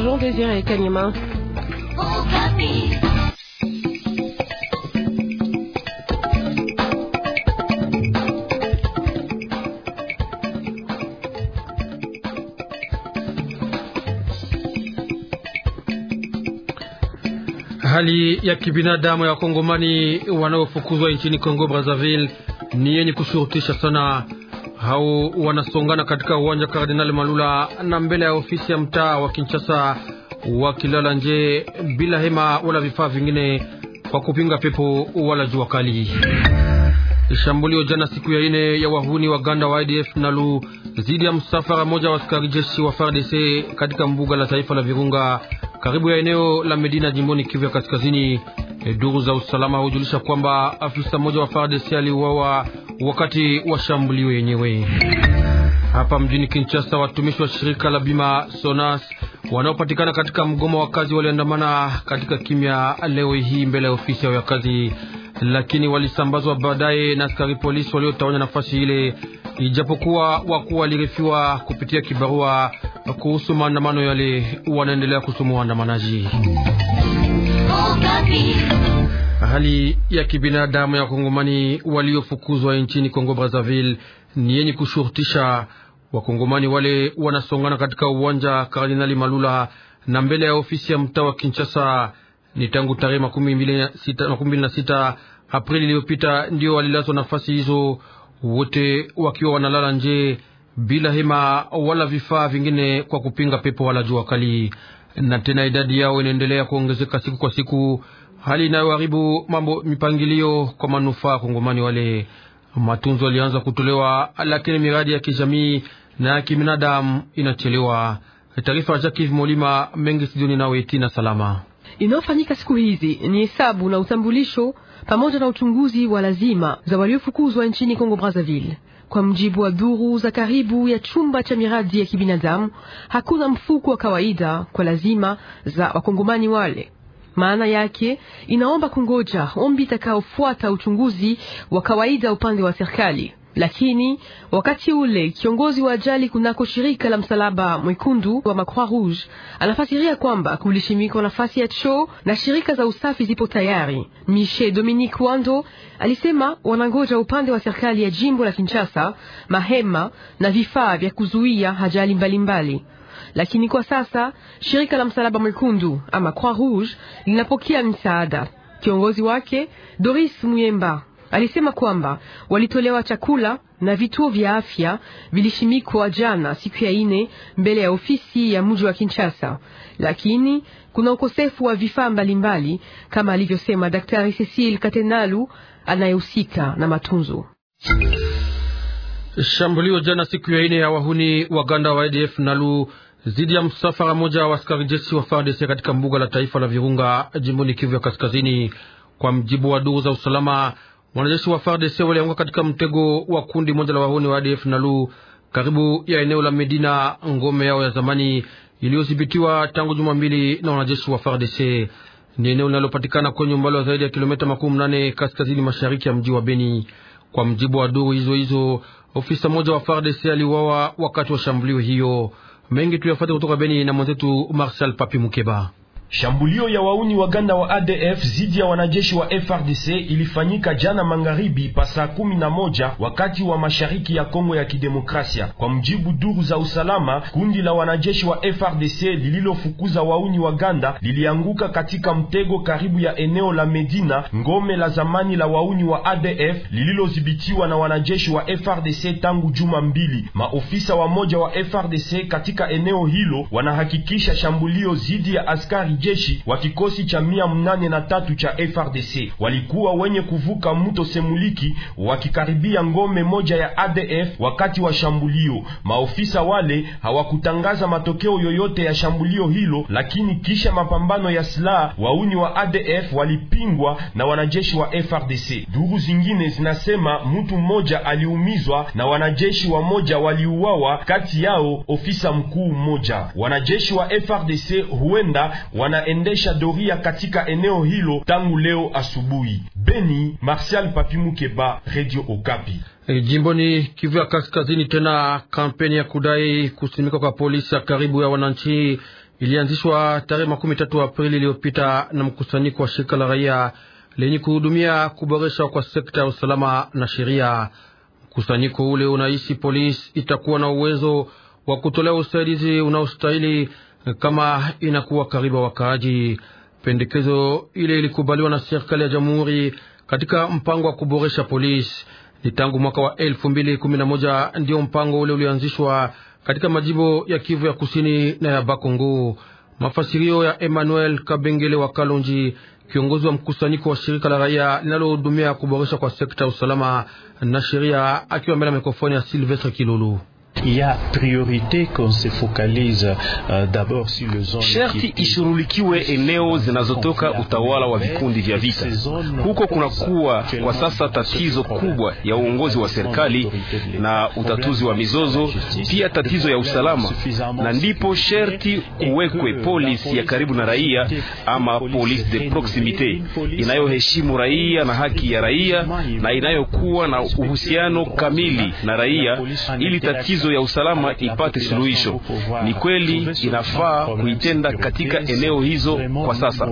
Jean Désiré Kanyama. Hali ya kibinadamu ya Kongomani wanaofukuzwa nchini Kongo Brazzaville ni yenye kushurutisha sana hao wanasongana katika uwanja Kardinali Malula na mbele ya ofisi ya mtaa wa Kinshasa, wakilala nje bila hema wala vifaa vingine kwa kupinga pepo wala jua kali. Shambulio jana siku ya ine ya wahuni wa Ganda wa IDF Nalu zidi ya msafara moja wa askari jeshi wa FARDC katika mbuga la taifa la Virunga karibu ya eneo la Medina jimboni Kivu ya Kaskazini. Duru za usalama hujulisha kwamba afisa mmoja wa FARDC aliuawa wakati wa shambulio yenyewe. Hapa mjini Kinshasa, watumishi wa shirika la bima Sonas wanaopatikana katika mgomo wa kazi waliandamana katika kimya leo hii mbele ya ofisi yao ya kazi, lakini walisambazwa baadaye na askari polisi waliotawanya nafasi ile, ijapokuwa wakuu walirifiwa kupitia kibarua kuhusu maandamano yale. Wanaendelea kusumua waandamanaji. Oh, Hali ya kibinadamu ya wakongomani waliofukuzwa nchini Kongo Brazzaville ni yenye kushurutisha. Wakongomani wale wanasongana katika uwanja Kardinali Malula na mbele ya ofisi ya mtaa wa Kinshasa. Ni tangu tarehe makumi mbili na sita Aprili iliyopita ndio walilazwa nafasi hizo, wote wakiwa wanalala nje bila hema wala vifaa vingine kwa kupinga pepo wala jua kali, na tena idadi yao inaendelea kuongezeka siku kwa siku hali inayoharibu mambo mipangilio kwa manufaa kongomani wale. Matunzo yalianza kutolewa, lakini miradi ya kijamii na ya kibinadamu inachelewa. Taarifa ya Jacques Molima mengi sijoni nawe Tina Salama. Inayofanyika siku hizi ni hesabu na utambulisho pamoja na uchunguzi wa lazima za waliofukuzwa nchini Kongo Brazzaville. Kwa mjibu wa dhuru za karibu ya chumba cha miradi ya kibinadamu, hakuna mfuko wa kawaida kwa lazima za wakongomani wale. Maana yake inaomba kungoja ombi itakayofuata uchunguzi wa kawaida upande wa serikali. Lakini wakati ule kiongozi wa ajali kunako shirika la msalaba mwekundu wa Macroix Rouge anafasiria kwamba kulishimikwa nafasi ya choo na shirika za usafi zipo tayari. Michel Dominique Wando alisema wanangoja upande wa serikali ya jimbo la Kinshasa mahema na vifaa vya kuzuia ajali mbalimbali lakini kwa sasa shirika la Msalaba Mwekundu ama Croix Rouge linapokea msaada. Kiongozi wake Doris Muyemba alisema kwamba walitolewa chakula na vituo vya afya vilishimikwa jana siku ya ine mbele ya ofisi ya mji wa Kinshasa, lakini kuna ukosefu wa vifaa mbalimbali, kama alivyosema Daktari Cecil Katenalu anayehusika na matunzo. Shambulio jana siku ya ine ya wahuni Waganda wa ADF Nalu dhidi ya msafara mmoja wa askari jeshi wa FARDC katika mbuga la taifa la Virunga jimboni Kivu ya Kaskazini. Kwa mjibu wa duru za usalama, wanajeshi wa FARDC walianguka katika mtego wa kundi moja la wahuni wa ADF Nalu karibu ya eneo la Medina, ngome yao ya zamani iliyodhibitiwa tangu juma mbili na wanajeshi wa FARDC. Ni eneo linalopatikana kwenye umbali wa zaidi ya kilomita makumi nane kaskazini mashariki ya mji wa Beni. Kwa mjibu wa duru hizo hizo, ofisa mmoja wa FARDC aliuawa wakati wa shambulio hiyo mengi tuyafate kutoka Beni na mwenzetu Marshal Papi Mukeba. Shambulio ya wauni waganda wa ADF zidi ya wanajeshi wa FRDC ilifanyika jana magharibi pa saa kumi na moja wakati wa mashariki ya Kongo ya Kidemokrasia. Kwa mjibu duru za usalama, kundi la wanajeshi wa FRDC lililofukuza wauni waganda lilianguka katika mtego karibu ya eneo la Medina, ngome la zamani la wauni wa ADF lililodhibitiwa na wanajeshi wa FRDC tangu juma mbili. Maofisa wa moja wa FRDC katika eneo hilo wanahakikisha shambulio zidi ya askari wanajeshi wa kikosi cha mia mnane na tatu cha FRDC walikuwa wenye kuvuka mto Semuliki wakikaribia ngome moja ya ADF wakati wa shambulio. Maofisa wale hawakutangaza matokeo yoyote ya shambulio hilo, lakini kisha mapambano ya silaha wauni wa ADF walipingwa na wanajeshi wa FRDC. Duru zingine zinasema mtu mmoja aliumizwa na wanajeshi wa moja waliuawa, kati yao ofisa mkuu mmoja. Wanajeshi wa FRDC huenda wa wanaendesha doria katika eneo hilo tangu leo asubuhi. Beni, Martial Papimukeba, Radio Okapi. Eh, jimboni Kivu ya Kaskazini, tena kampeni ya kudai kusimika kwa polisi ya karibu ya wananchi ilianzishwa tarehe makumi tatu Aprili iliyopita na mkusanyiko wa shirika la raia lenye kuhudumia kuboreshwa kwa sekta ya usalama na sheria. Mkusanyiko ule unaishi polisi itakuwa na uwezo wa kutolea usaidizi unaostahili kama inakuwa karibu wakaaji. Pendekezo ile ilikubaliwa na serikali ya jamhuri katika mpango wa kuboresha polisi. Ni tangu mwaka wa elfu mbili kumi na moja ndio mpango ule ulianzishwa katika majimbo ya Kivu ya kusini na ya Bakongo. Mafasirio ya Emmanuel Kabengele wa Kalonji, kiongozi wa mkusanyiko wa shirika la raia linalohudumia kuboresha kwa sekta ya usalama na sheria, akiwa mbele ya mikrofoni ya Silvestre Kilulu sharti ishurulikiwe eneo zinazotoka utawala wa vikundi vya vita. Huko kunakuwa kwa sasa tatizo kubwa ya uongozi wa serikali na utatuzi wa mizozo, pia tatizo ya usalama, na ndipo sharti kuwekwe polisi ya karibu na raia, ama police de proximite inayoheshimu raia na haki ya raia na inayokuwa na uhusiano kamili na raia ili tatizo ya usalama ipate suluhisho. Ni kweli inafaa kuitenda katika eneo hizo kwa sasa.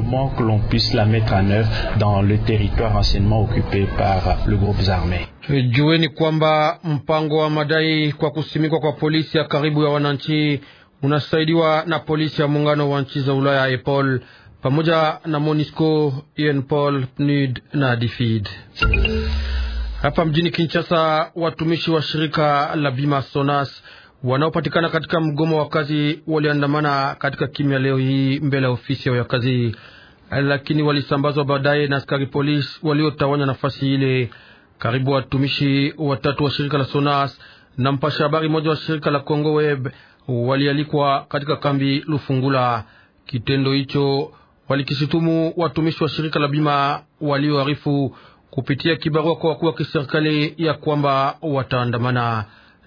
Jueni kwamba mpango wa madai kwa kusimikwa kwa polisi ya karibu ya wananchi unasaidiwa na polisi ya muungano wa nchi za Ulaya EPOL pamoja na MONUSCO, UNPOL, PNUD na DFID. Hapa mjini Kinshasa, watumishi wa shirika la bima Sonas wanaopatikana katika mgomo wa kazi waliandamana katika kimya leo hii mbele ya ofisi ya kazi, lakini walisambazwa baadaye na askari polisi waliotawanya nafasi ile. Karibu watumishi watatu wa shirika la Sonas na mpasha habari moja wa shirika la Congo Web walialikwa katika kambi Lufungula. Kitendo hicho walikishutumu watumishi wa shirika la bima walioarifu kupitia kibarua kwa wakuu wa kiserikali ya kwamba wataandamana.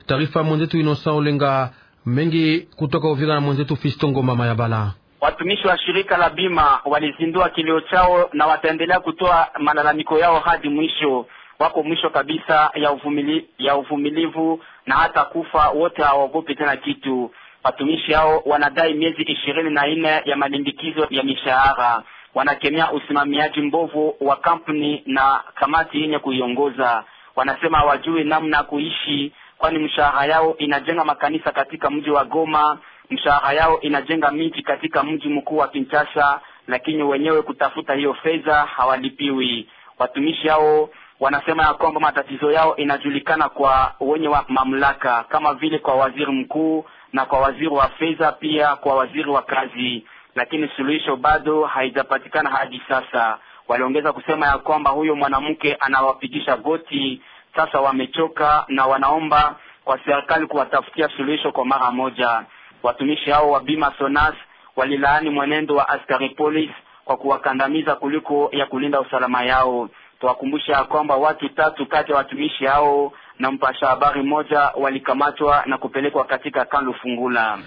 Taarifa mwenzetu Inosa Olenga mengi kutoka Uvira na mwenzetu Mama ya Bala. Watumishi wa shirika la bima walizindua kilio chao na wataendelea kutoa malalamiko yao hadi mwisho. Wako mwisho kabisa ya uvumili, ya uvumilivu na hata kufa, wote hawaogopi tena kitu. Watumishi hao wanadai miezi ishirini na nne ya malimbikizo ya mishahara wanakemea usimamiaji mbovu wa kampuni na kamati yenye kuiongoza. Wanasema hawajui namna kuishi, kwani mshahara yao inajenga makanisa katika mji wa Goma, mshahara yao inajenga miji katika mji mkuu wa kinchasa lakini wenyewe kutafuta hiyo fedha hawalipiwi. Watumishi hao wanasema ya kwamba matatizo yao inajulikana kwa wenye wa mamlaka kama vile kwa waziri mkuu na kwa waziri wa fedha, pia kwa waziri wa kazi lakini suluhisho bado haijapatikana hadi sasa. Waliongeza kusema ya kwamba huyo mwanamke anawapigisha goti, sasa wamechoka na wanaomba kwa serikali kuwatafutia suluhisho kwa mara moja. Watumishi hao wa Bima Sonas walilaani mwenendo wa askari polisi kwa kuwakandamiza kuliko ya kulinda usalama yao. Tuwakumbusha ya kwamba watu tatu kati ya watumishi hao na mpasha habari mmoja walikamatwa na kupelekwa katika kanlu Fungula.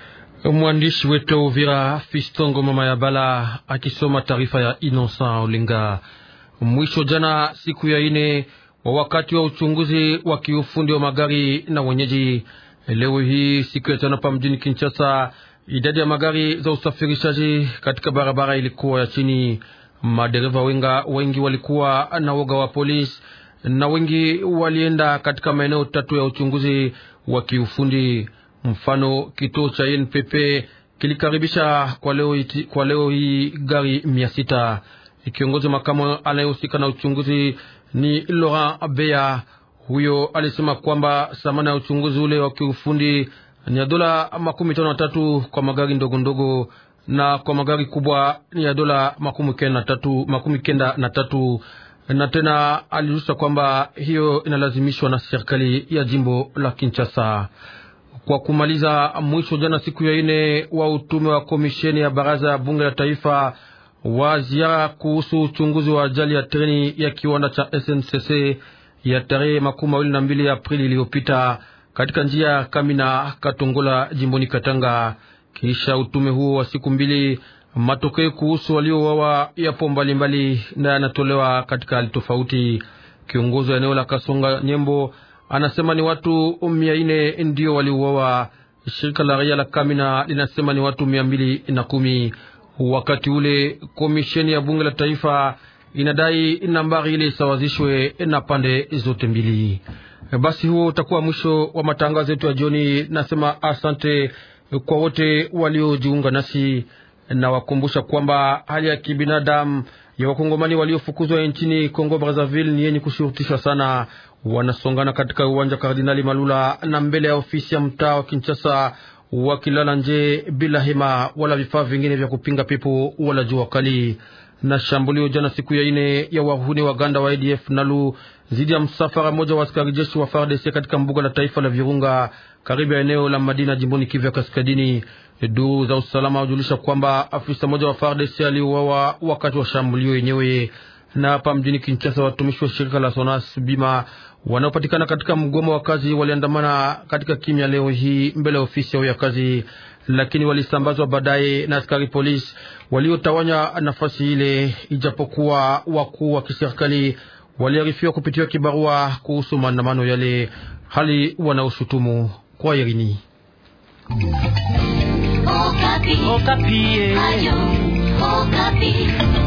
Mwandishi wetu Uvira Fistongo Mama ya Bala akisoma taarifa ya Innocent Olinga. Mwisho jana siku ya ine wa wakati wa uchunguzi wa kiufundi wa magari na wenyeji, leo hii siku ya tano pa mjini Kinshasa, idadi ya magari za usafirishaji katika barabara ilikuwa ya chini. Madereva wenga wengi walikuwa na woga wa polisi na wengi walienda katika maeneo tatu ya uchunguzi wa kiufundi. Mfano, kituo cha INPP kilikaribisha kwa leo, iti, kwa leo hii gari mia sita. Kiongozi makamu anayehusika na uchunguzi ni Laurent Bea. Huyo alisema kwamba thamani ya uchunguzi ule wa kiufundi ni ya dola makumi tano na tatu kwa magari ndogo ndogo na kwa magari kubwa ni ya dola makumi kenda na tatu, makumi kenda na tatu. Na tena alirusa kwamba hiyo inalazimishwa na serikali ya jimbo la Kinshasa kwa kumaliza mwisho jana siku ya ine wa utume wa komisheni ya baraza ya bunge la taifa wa ziara kuhusu uchunguzi wa ajali ya treni ya kiwanda cha SNCC ya tarehe makumi mawili na mbili Aprili iliyopita katika njia Kamina Katongola jimboni Katanga. Kisha utume huo wa siku mbili, matokeo kuhusu waliowawa yapo mbalimbali na yanatolewa katika hali tofauti. Kiongozi wa eneo la Kasonga Nyembo anasema ni watu mia nne ndiyo waliuawa. Shirika la raia la Kamina linasema ni watu mia mbili na kumi. Wakati ule komisheni ya bunge la taifa inadai nambari ile isawazishwe na pande zote mbili. Basi huo utakuwa mwisho wa matangazo yetu ya jioni. Nasema asante kwa wote waliojiunga nasi nawakumbusha kwamba hali ya kibinadamu ya wakongomani waliofukuzwa nchini Kongo Brazzaville ni yenye kushurutishwa sana. Wanasongana katika uwanja Kardinali Malula na mbele ya ofisi ya mtaa wa Kinshasa, wakilala nje bila hema wala vifaa vingine vya kupinga pepo wala jua kali. Na shambulio jana siku ya ine ya wahuni ganda wa ADF Nalu dhidi ya msafara mmoja wa askari jeshi wa FARDC katika mbuga la taifa la Virunga karibu ya eneo la Madina jimboni Kivu ya Kaskazini. Duru za usalama wajulisha kwamba afisa mmoja wa FARDC aliuawa wakati wa shambulio yenyewe. Na hapa mjini Kinshasa, watumishi wa shirika la Sonas Bima wanaopatikana katika mgomo wa kazi waliandamana katika kimya leo hii mbele ya ofisi yao ya kazi, lakini walisambazwa baadaye na askari polisi waliotawanya nafasi ile, ijapokuwa wakuu wa kiserikali waliarifiwa kupitia kibarua kuhusu maandamano yale, hali wanaoshutumu kwa Irini. Okapi. Okapi. Eh.